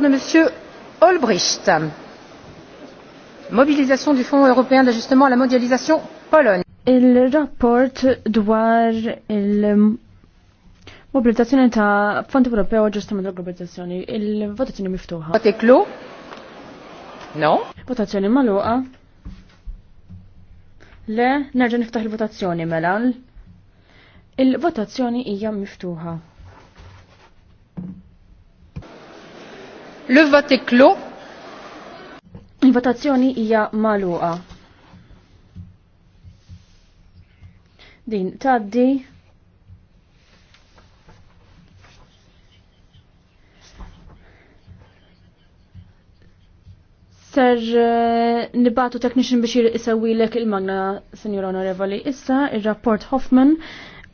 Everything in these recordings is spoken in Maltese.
Monsieur Olbricht. Mobilisation du Fonds européen d'ajustement à la mondialisation Pologne. Il-rapport dwar il- Mobilizzazzjoni ta' Fond Ewropew Aġġustament tal Globalizzazzjoni. Il-votazzjoni miftuħa. Votiklu? No. Votazzjoni magħluqa. Le, nerġa' niftaħ il-votazzjoni mela. Il-votazzjoni hija miftuħa. Le vote est clos. Il-votazzjoni hija magħluqa. Din taddi. Ser eh, nibatu technician biex lek il-magna, Signor Onorevoli. Issa, il-rapport Hoffman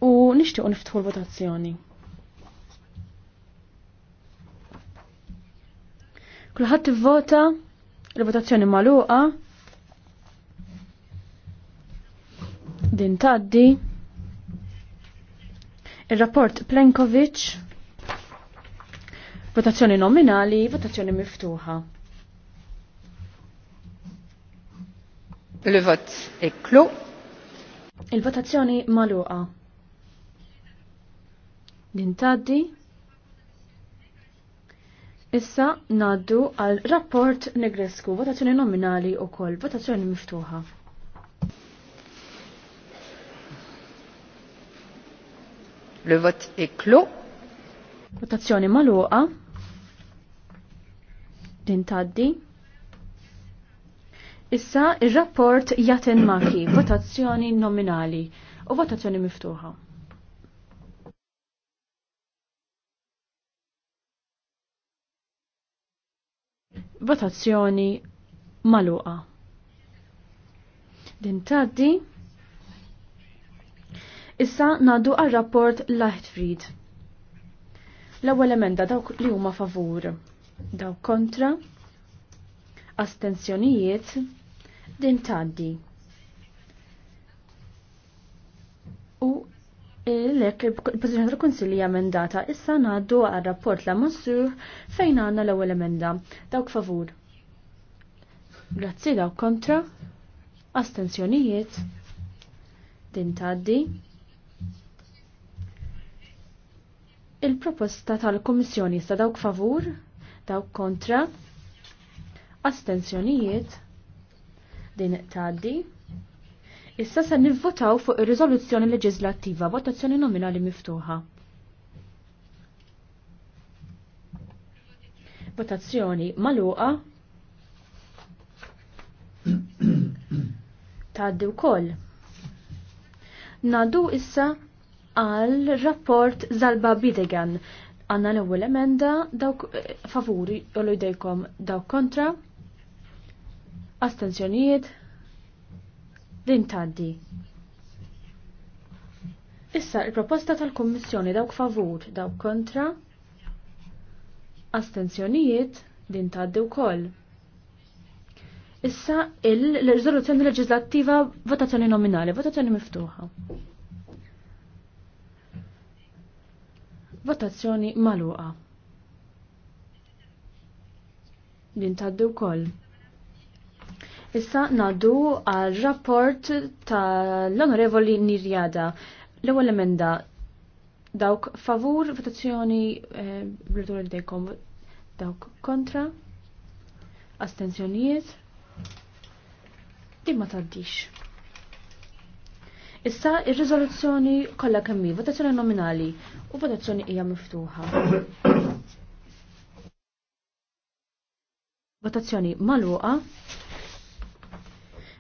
u nishtiqu niftħu l-votazzjoni. Kulħadd ivvota l votazzjoni magħluqa. Din tgħaddi. Ir-rapport Plenkovic. Votazzjoni nominali, votazzjoni miftuħa. Le vot est clos. Il-votazzjoni magħluqa. Din tgħaddi. Issa naddu għal rapport negresku, votazzjoni nominali u koll, votazzjoni miftuħa. Le vot iklu. Votazzjoni maluqa. Din taddi. Issa il rapport jaten maki, votazzjoni nominali u votazzjoni miftuħa. Votazzjoni maluqa. Din taddi. Issa nadu għal rapport Lightfried. L-ewwel emenda dawk li huma favur, dawk kontra, astensjonijiet, din taddi. U Lek, il-pozizjoni tal-Konsilli emendata issa ngħaddu għal rapport la Monsur fejn għandna l-ewwel emenda. Dawk favur. Grazzi dawk kontra. Astenzjonijiet. Din tgħaddi. Il-proposta tal-Kummissjoni sta dawk favur, dawk kontra. Astenzjonijiet. Din tgħaddi. Issa se nivvotaw fuq ir-riżoluzzjoni leġislattiva votazzjoni nominali miftuħa. Votazzjoni maluqa tgħaddi wkoll. Nadu issa għal rapport Zalba Bidegan. Għanna l-ewwel emenda dawk eh, favuri jdejkom dawk kontra. Astenzjonijiet din taddi. Issa il-proposta tal-Kommissjoni dawk favur, dawk kontra, astenzjonijiet din taddi wkoll. Issa il-rizoluzzjoni leġislattiva votazzjoni nominali, votazzjoni miftuħa. Votazzjoni maluqa. Din taddi wkoll. Issa naddu għal rapport tal-onorevoli Nirjada. L-ewwel emenda dawk favur votazzjoni eh, bl-dur dejkom dawk kontra astenzjonijiet din ma taddix. Issa ir-riżoluzzjoni kollha kemm votazzjoni nominali u votazzjoni hija miftuħa. votazzjoni maluqa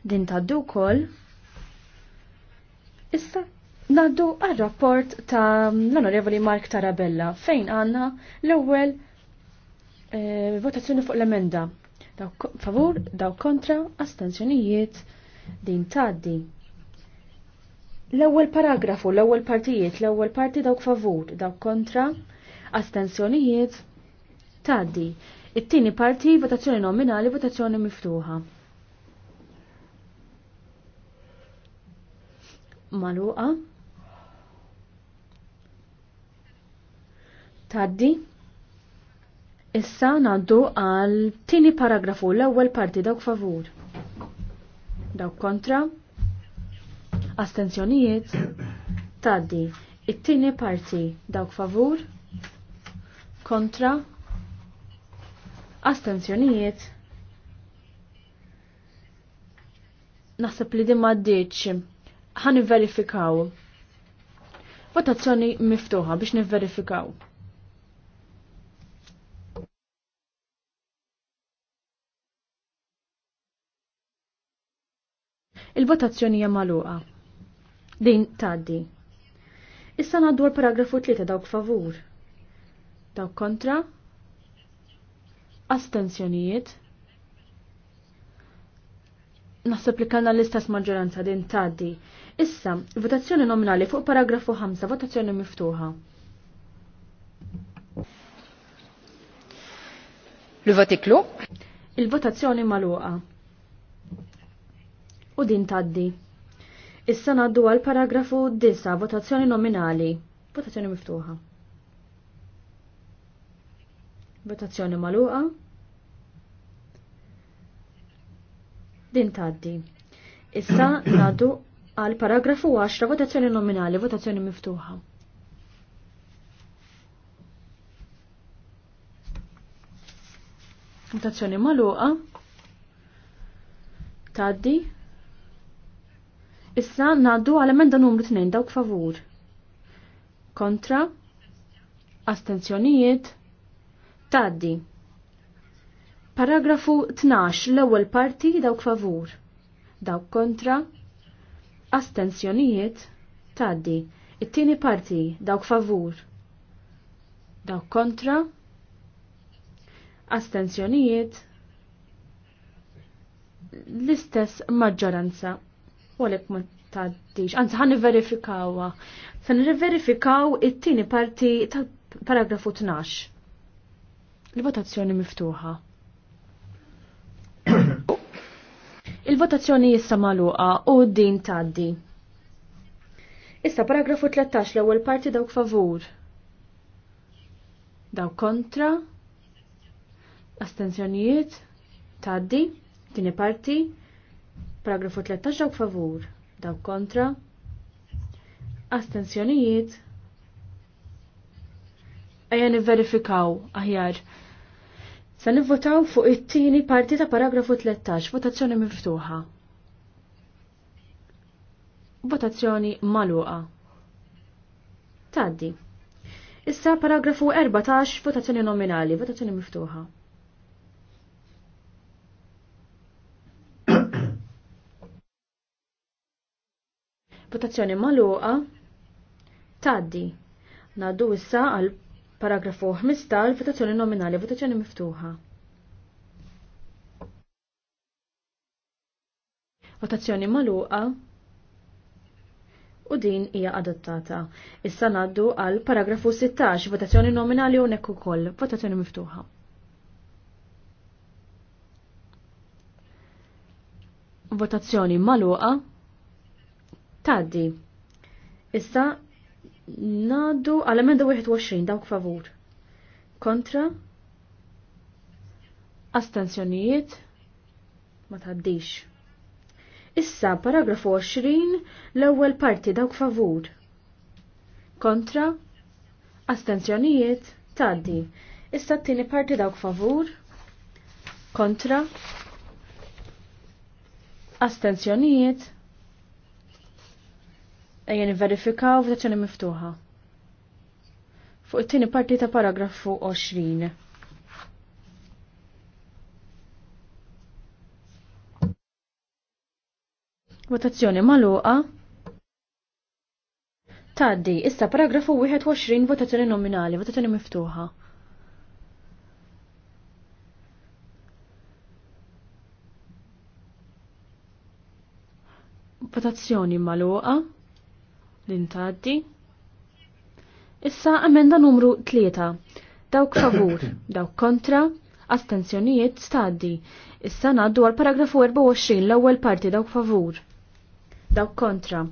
din taddu kol. Issa naddu għal rapport ta' l-Onorevoli Mark Tarabella fejn għanna l-ewwel eh, votazzjoni fuq l-emenda. Daw favur, daw kontra, astenzjonijiet din taddi. L-ewwel paragrafu, l-ewwel partijiet, l-ewwel parti dawk favur, dawk kontra, astenzjonijiet taddi. It-tieni parti votazzjoni nominali, votazzjoni miftuħa. maluqa taddi issa naddu għal tini paragrafu l-ewwel parti dawk favur dawk kontra astenzjonijiet taddi it-tini parti dawk favur kontra astenzjonijiet naħseb li din ma ddiċ ħan verifikaw. Votazzjoni miftuħa biex nivverifikaw. Il-votazzjoni hija magħluqa. Din tgħaddi. Issa ngħaddu l-paragrafu 3 dawk favur. Dawk kontra? Astenzjonijiet? naħseb li kellna l-istess maġġoranza din tgħaddi. Issa, votazzjoni nominali fuq paragrafu 5, votazzjoni miftuħa. L-votiklu? Il-votazzjoni maluqa. U din taddi. Issa naddu għal paragrafu 9, votazzjoni nominali. Votazzjoni miftuħa. Votazzjoni maluqa. l-intaddi. Issa nadu għal paragrafu 10 votazzjoni nominali, votazzjoni miftuħa. Votazzjoni maluqa. Taddi. Issa nadu għal emenda numru 2 dawk favur. Kontra. Astenzjonijiet. Taddi. Paragrafu 12 l-ewwel parti dawk favur. Dawk kontra. Astenzjonijiet taddi. It-tieni parti dawk favur. Dawk kontra. Astenzjonijiet l-istess maġġoranza. U ma taddix. Anzi, ħan verifikawa. Se verifikaw it-tieni parti tal-paragrafu 12. Il-votazzjoni miftuħa. Il-votazzjoni jissa maluqa u din taddi. Issa paragrafu 13 l-ewwel parti dawk favur. Dawk kontra. Astenzjonijiet. Taddi. Tini parti. Paragrafu 13 dawk favur. Dawk kontra. Astenzjonijiet. Ejja niverifikaw aħjar. Se nivvotaw fuq it-tieni parti ta' paragrafu 13, votazzjoni miftuħa. Votazzjoni maluqa. Taddi. Issa paragrafu 14, votazzjoni nominali, votazzjoni miftuħa. votazzjoni maluqa. Taddi. Naddu issa għal Paragrafu 15, votazzjoni nominali, votazzjoni miftuħa. Votazzjoni maluqa u din hija adottata. Issa naddu għal paragrafu 16, votazzjoni nominali u nekku koll, votazzjoni miftuħa. Votazzjoni maluqa taddi. Issa Nadu għal emenda 21 dawk favur. Kontra? Astenzjonijiet? Ma tgħaddix. Issa paragrafu 20 l-ewwel parti dawk favur. Kontra? Astenzjonijiet? Taddi. Issa t-tieni parti dawk favur? Kontra? Astenzjonijiet? Ejja verifikaw votazzjoni miftuħa. Fuq it-tieni parti ta' paragrafu 20. Votazzjoni maluqa. Taddi, issa paragrafu 21 votazzjoni nominali, votazzjoni miftuħa. Votazzjoni maluqa l-intaddi. Issa emenda numru 3. Dawk favur, dawk kontra, astenzjonijiet staddi. Issa naddu għal paragrafu 24 l-ewwel parti dawk favur. Dawk kontra.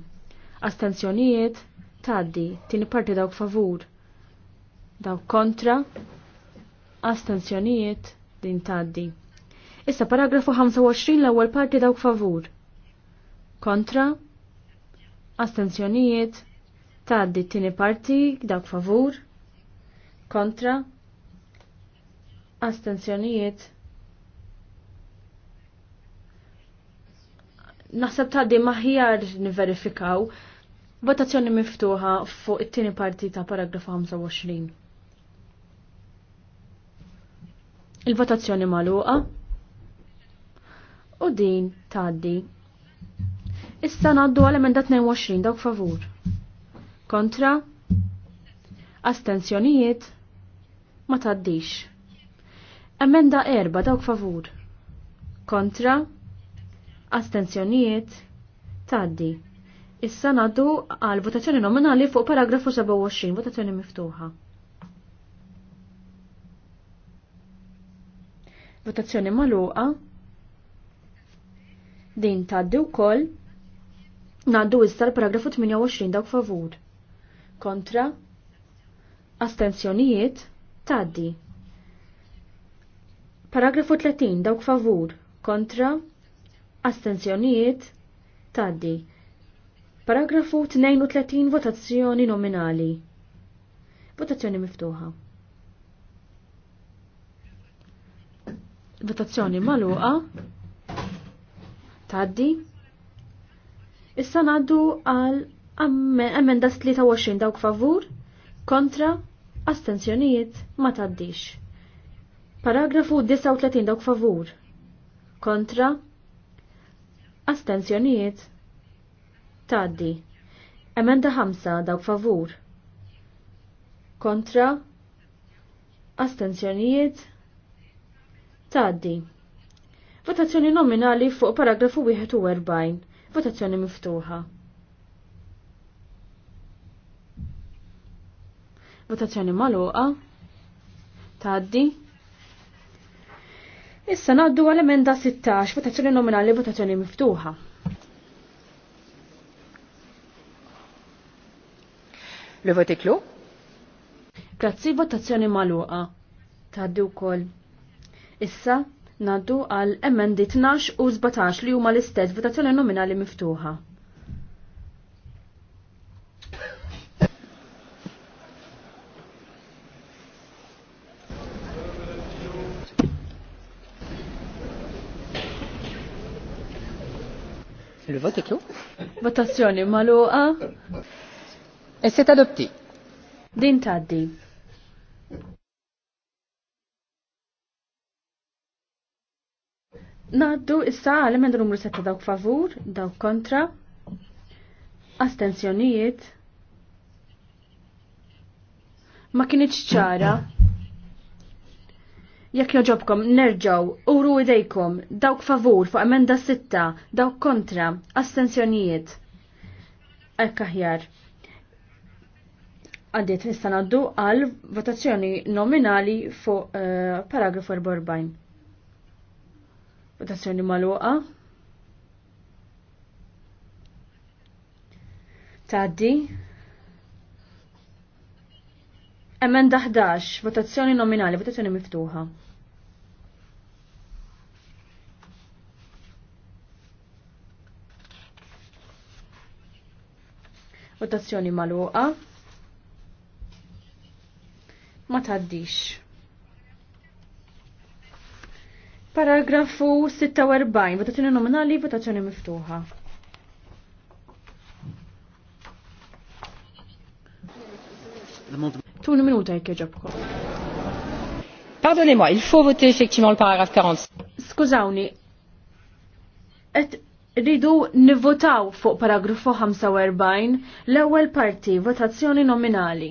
Astenzjonijiet taddi. Tieni parti dawk favur. Dawk kontra. Astenzjonijiet din taddi. Issa paragrafu 25 l-ewwel parti dawk favur. Kontra astenzjonijiet tgħaddi t-tieni parti dawk favur kontra astenzjonijiet naħseb tgħaddi maħjar niverifikaw Votazzjoni miftuħa fuq it-tieni parti ta' paragrafu 25. Il-votazzjoni magħluqa u din tgħaddi Issa naddu għal emenda 22 dawk favur. Kontra? Astenzjonijiet? Ma taddix. Emenda erba dawk favur. Kontra? Astenzjonijiet? Taddi. Issa naddu għal votazzjoni nominali fuq paragrafu 27, votazzjoni miftuħa. Votazzjoni maluqa. Din taddi u koll Naddu issa l-paragrafu 28 dawk favur. Kontra? Astenzjonijiet? Taddi. Paragrafu 30 dawk favur. Kontra? Astenzjonijiet? Taddi. Paragrafu 32 votazzjoni nominali. Votazzjoni miftuħa. Votazzjoni maluqa. Taddi. Issa naddu għal emenda 23 dawk favur, kontra, astenzjonijiet ma taddix. Paragrafu 39 dawk favur, kontra, astenzjonijiet taddi. Emenda 5 dawk favur, kontra, astenzjonijiet taddi. Votazzjoni nominali fuq paragrafu 41. Votazzjoni miftuħa. Votazzjoni maluqa. Taddi. Issa naddu għal-emenda 16, votazzjoni nominali, votazzjoni miftuħa. Le vote klu? Grazzi votazzjoni maluqa. Taddi wkoll. Issa Naddu għal emendi 12 u 17 li huma l-istess votazzjoni nominali miftuħa. Il-voti klu? Votazzjoni maluqa. E set adopti. Din taddi. Naddu issa għal emend numru 7 dawk favur, dawk kontra, astenzjonijiet. Ma kienieċ ċara. Jekk joġobkom nerġaw uru idejkom dawk favur fuq emenda 6, dawk kontra, astenzjonijiet. Ekk aħjar. Għaddiet issa ngħaddu għal votazzjoni nominali fuq uh, eh, paragrafu 44. Votazzjoni maluqa. Taddi. Emenda daħdax, votazzjoni nominali, votazzjoni miftuħa. Votazzjoni maluqa. Ma taddix. Paragrafu 46, votazzjoni nominali, votazzjoni miftuħa. Tuni minuta jek ġobko. Pardonnez-moi, il faut voter effectivement le paragraphe 40. Skużawni, et ridu nivvotaw fuq paragrafu 45 l-ewwel parti, votazzjoni nominali.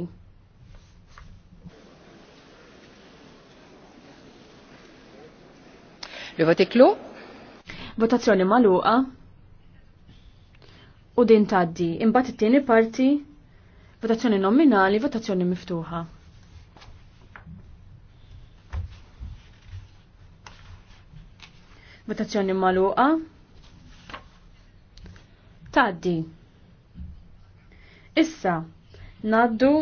Le votiklu Votazzjoni magħluqa. U din taddi. Imbagħad it-tieni parti votazzjoni nominali, votazzjoni miftuħa. Votazzjoni magħluqa. Taddi. Issa, naddu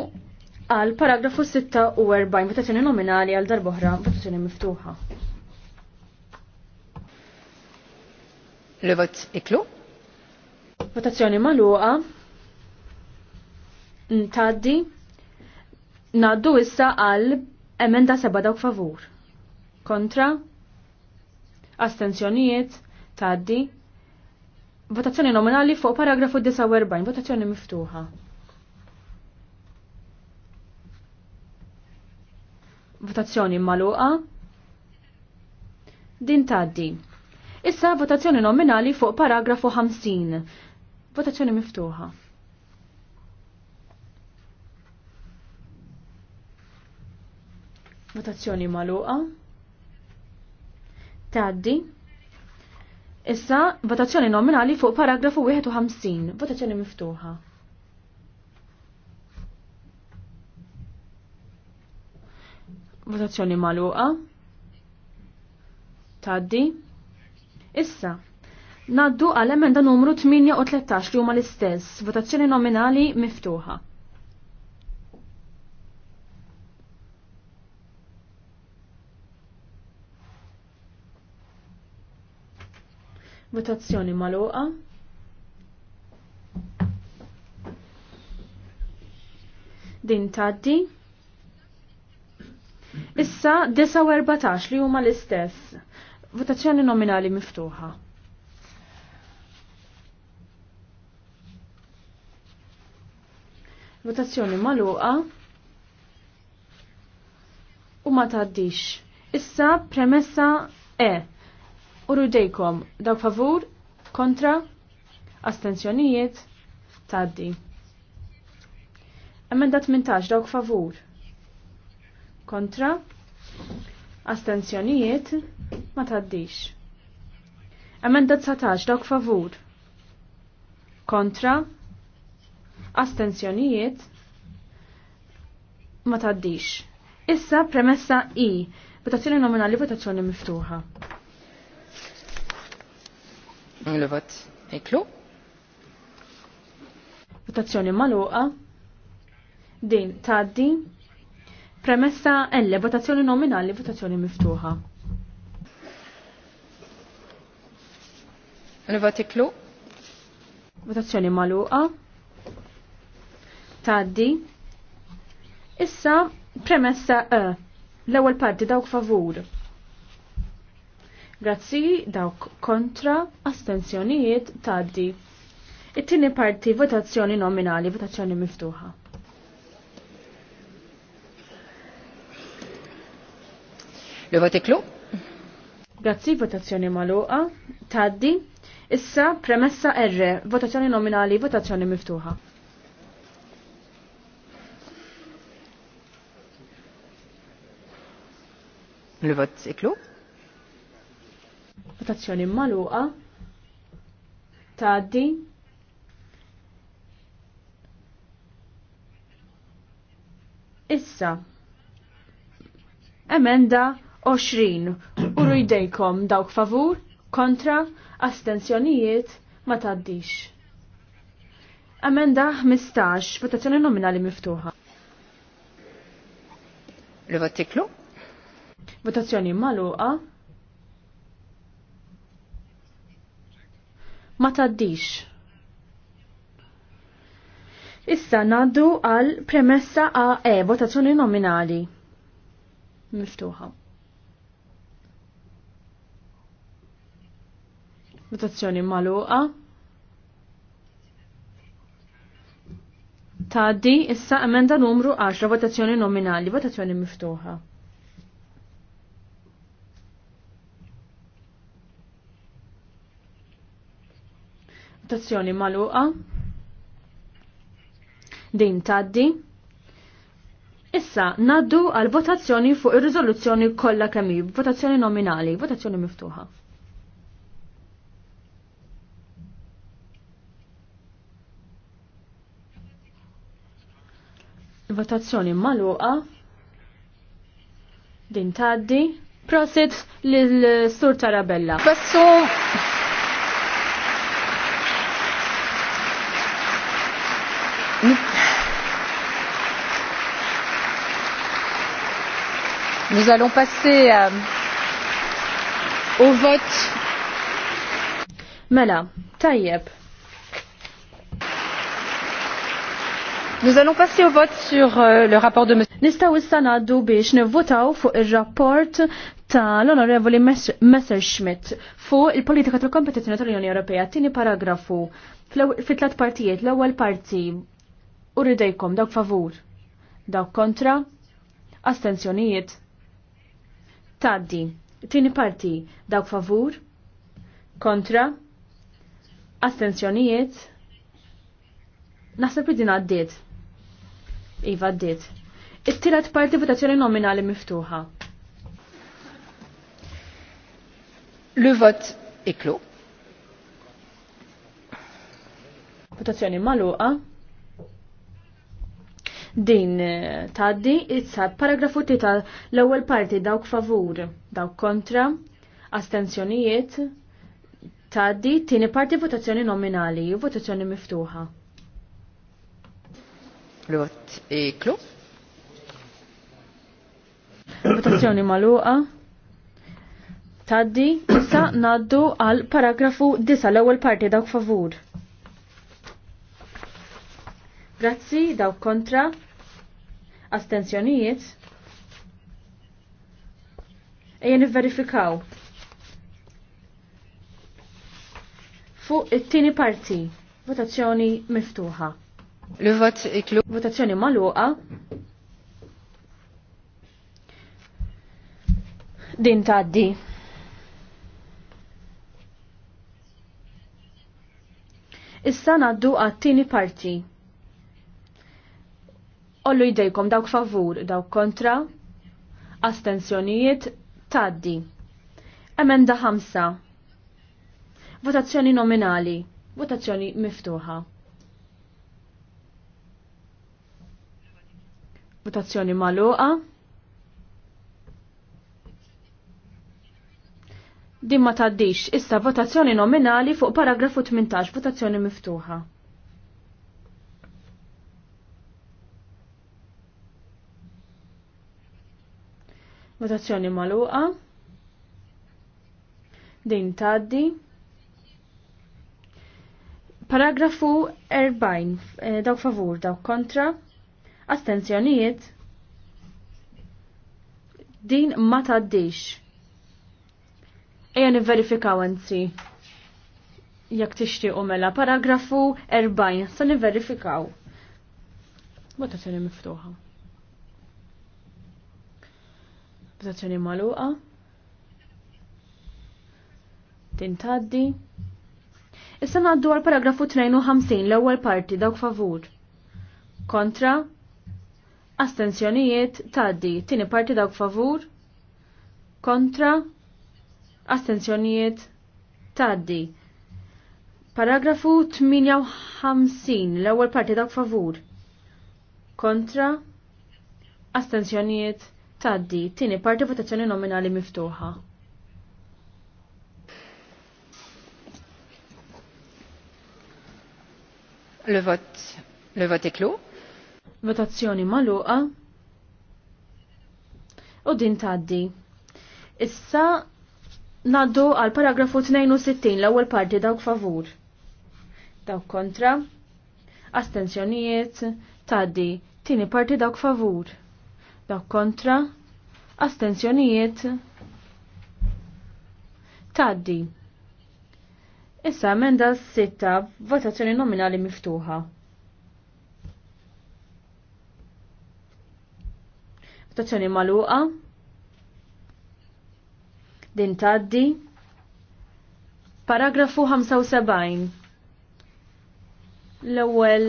għal paragrafu 46 votazzjoni nominali għal darboħra votazzjoni miftuħa. Le iklu. Votazzjoni maluqa. Ntaddi. Naddu issa għal emenda seba dawk favur. Kontra. Astenzjonijiet. Taddi. Votazzjoni nominali fuq paragrafu 49. Votazzjoni miftuħa. Votazzjoni maluqa. Din taddi. Issa votazzjoni nominali fuq paragrafu 50. Votazzjoni miftuħa. Votazzjoni maluqa. Taddi. Issa votazzjoni nominali fuq paragrafu 51. Votazzjoni miftuħa. Votazzjoni maluqa. Taddi. Issa, naddu għal emenda numru 8 u 13 li huma l-istess, votazzjoni nominali miftuħa. Votazzjoni maluqa. Din taddi. Issa 14 li huma l-istess Votazzjoni nominali miftuħa. Votazzjoni maluqa u ma taddix. Issa premessa E. Urudejkom daw favur, kontra, astenzjonijiet, taddi. Emenda 18 dawk favur. Kontra, Astenzjonijiet ma taddix. Emenda 19 dawk favur. Kontra. Astenzjonijiet ma taddix. Issa premessa I. Votazzjoni nominali votazzjoni miftuħa. Le vot Votazzjoni maluqa. Din taddi Premessa L, votazzjoni nominali, votazzjoni miftuħa. Nivotiklu. Votazzjoni maluqa. Taddi. Issa, premessa E. L-ewwel parti dawk favur. Grazzi, dawk kontra, astenzjonijiet, taddi. It-tieni parti votazzjoni nominali, votazzjoni miftuħa. Le vote clos. Grazzi, votazzjoni maluqa. Taddi. Issa, premessa R, votazzjoni nominali, votazzjoni miftuħa. Le vote eklu. Votazzjoni maluqa. Taddi. Issa, emenda 20. Uru jdejkom dawk favur, kontra, astensjonijiet ma taddix. Amenda 15, votazzjoni nominali miftuħa. Le votiklu? Votazzjoni maluqa. Ma taddix. Issa naddu għal premessa AE, votazzjoni nominali. Miftuħa. Votazzjoni maluqa. Taddi issa emenda numru 10 votazzjoni nominali, votazzjoni miftuħa. Votazzjoni maluqa. Din taddi. Issa, naddu għal votazzjoni fuq ir-riżoluzzjoni kollha kemm votazzjoni nominali, votazzjoni miftuħa. Votazzjoni maluqa. Din taddi. Prosit lil-Sur Tarabella. Bessu Nous allons passer euh, au vote. Mela, tajjeb. Nous allons passer au vote sur euh, le rapport de monsieur. Nistaw issa ngħaddu biex nivvotaw fuq ir-rapport ta' l-Onorevoli Schmidt fuq il-politika tal kompetizjoni tal-Unjoni Ewropea. Tieni paragrafu fit tlat partijiet, l-ewwel parti uridejkom dawk favur, dawk kontra, astenzjonijiet. Taddi, tini parti dawk favur, kontra, astenzjonijiet. Naħseb li din għaddiet. Iva d-diet. It-tirat parti votazzjoni nominali miftuħa. Lu vot iklu. Votazzjoni maluqa. Din eh, taddi it-sab paragrafu tita l-ewwel parti dawk favur, dawk kontra, astenzjonijiet, taddi tieni parti votazzjoni nominali, votazzjoni miftuħa. Le Votazzjoni maluqa. Taddi, issa naddu għal paragrafu 9 l-ewwel parti dawk favur. Grazzi, dawk kontra. Astenzjonijiet. Ejja nivverifikaw. Fuq it-tieni parti, votazzjoni miftuħa. Il-vot iklu. Votazzjoni maluqa. Din taddi. Issa naddu għat-tieni parti. Ollu jdejkom dawk favur, dawk kontra, Astenzjonijiet taddi. Emenda ħamsa. Votazzjoni nominali. Votazzjoni miftuħa. Votazzjoni maluqa. Din ma taddix, issa votazzjoni nominali fuq paragrafu 18, votazzjoni miftuħa. Votazzjoni maluqa. Din taddi. Paragrafu 40, eh, daw favur, daw kontra, Attenzjonijiet? din ma taddix. Ejja niverifikaw anzi. Jekk tixtiequ mela paragrafu 40 sa niverifikaw. t-tini miftuħa. t-tini magħluqa. Din tgħaddi. Issa ngħaddu għal paragrafu 52 l-ewwel parti dawk favur. Kontra Astenzjonijiet taddi. Tini parti dawk favur. Kontra. Astenzjonijiet taddi. Paragrafu 58. L-ewwel parti dawk favur. Kontra. Astenzjonijiet taddi. Tini parti votazzjoni nominali miftuħa. Le vote, le vote est clos. Votazzjoni maluqa. U din taddi. Issa naddu għal paragrafu 62 l-ewwel parti dawk favur. Dawk kontra. Astenzjonijiet taddi. Tieni parti dawk favur. Dawk kontra. Astenzjonijiet taddi. Issa emenda 6 votazzjoni nominali miftuħa. Votazzjoni maluqa. Din taddi. Paragrafu 75. L-ewwel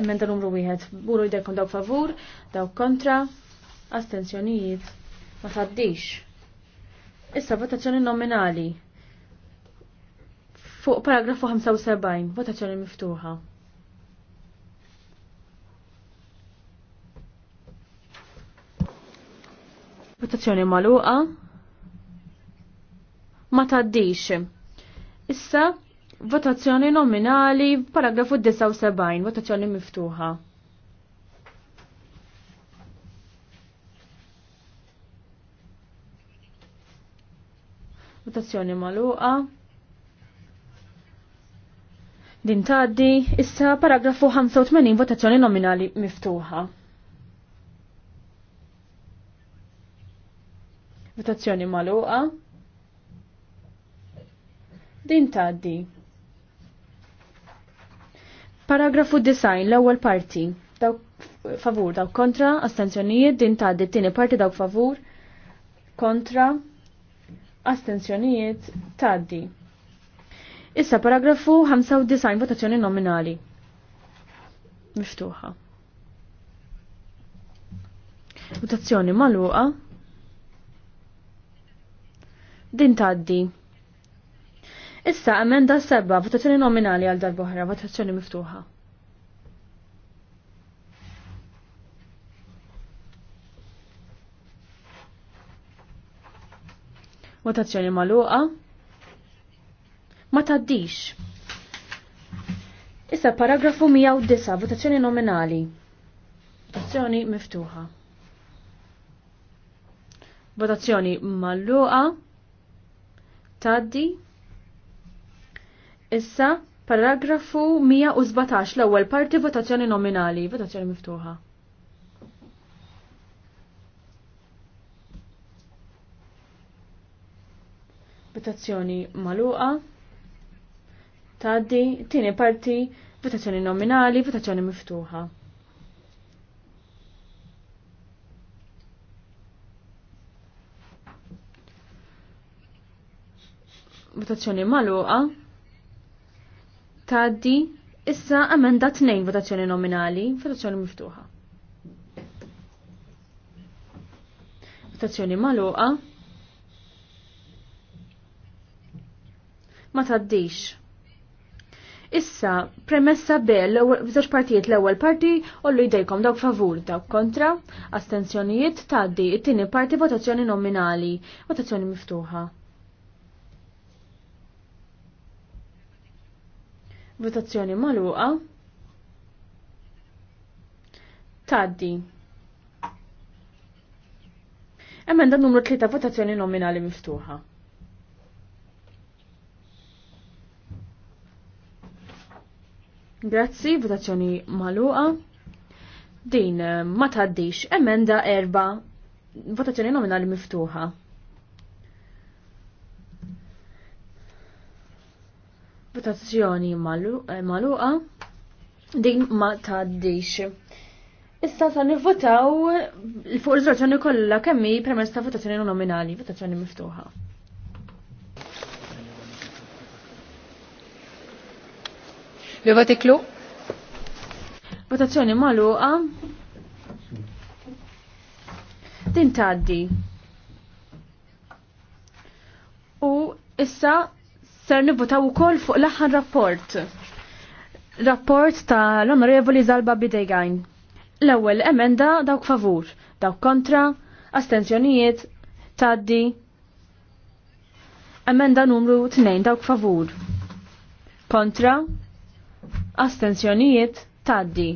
emenda numru wieħed. Buru jdejkom dawk favur, dawk kontra, astenzjonijiet. Ma taddix. Issa votazzjoni nominali. Fuq paragrafu 75, votazzjoni miftuħa. Votazzjoni maluqa. Ma taddix. Issa, votazzjoni nominali, paragrafu 79, votazzjoni miftuħa. votazzjoni maluqa. Din taddi, issa paragrafu 85 votazzjoni nominali miftuħa. Votazzjoni maluqa. Din taddi. Paragrafu design l-ewwel parti. Daw favur, daw kontra, astenzjonijiet, din taddi t-tieni parti daw favur, kontra, astenzjonijiet, taddi. Issa paragrafu 95 votazzjoni nominali. Miftuħa. Votazzjoni maluqa din taddi. Issa emenda seba votazzjoni nominali għal darbohra, votazzjoni miftuħa. Votazzjoni maluqa. Ma taddix. Issa paragrafu 109, votazzjoni nominali. Votazzjoni miftuħa. Votazzjoni maluqa. Tgħaddi Issa, paragrafu 117 l-ewwel parti votazzjoni nominali, votazzjoni miftuħa. Votazzjoni maluqa. Tgħaddi, tieni parti, votazzjoni nominali, votazzjoni miftuħa. votazzjoni maluqa taddi issa emenda tnejn votazzjoni nominali, votazzjoni miftuħa. Votazzjoni maluqa ma taddix. Issa, premessa B, żewġ partijiet l-ewwel parti ollu jdejkom dawk favur, dawk kontra, astenzjonijiet taddi, it-tieni parti votazzjoni nominali, votazzjoni miftuħa. Votazzjoni maluqa. Taddi. Emenda numru tlita votazzjoni nominali miftuħa. Grazzi, votazzjoni maluqa. Din ma taddix emenda erba votazzjoni nominali miftuħa. Votazzjoni eh, maluqa din ma taddix. Issa sa nivvotaw fuq il-votazzjoni kollha kemm hi permezz ta' votazzjoni nominali, votazzjoni miftuħa. Le vote clos. Votazzjoni maluqa. Din taddi. U issa Ser nivutaw ukoll fuq l-aħħar rapport. Rapport ta' l-Onorevoli Zalba Bidegajn. L-ewwel emenda dawk favur, dawk kontra, astenzjonijiet, taddi. Emenda numru 2 dawk favur. Kontra, astenzjonijiet, taddi.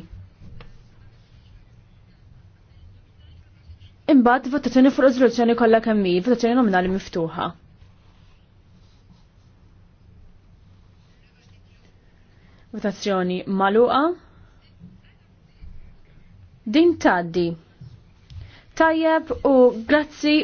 Imbagħad votazzjoni fuq riżoluzzjoni kollha kemm votazzjoni nominali miftuħa. Votazzjoni maluqa. Din taddi. Tajjeb u grazzi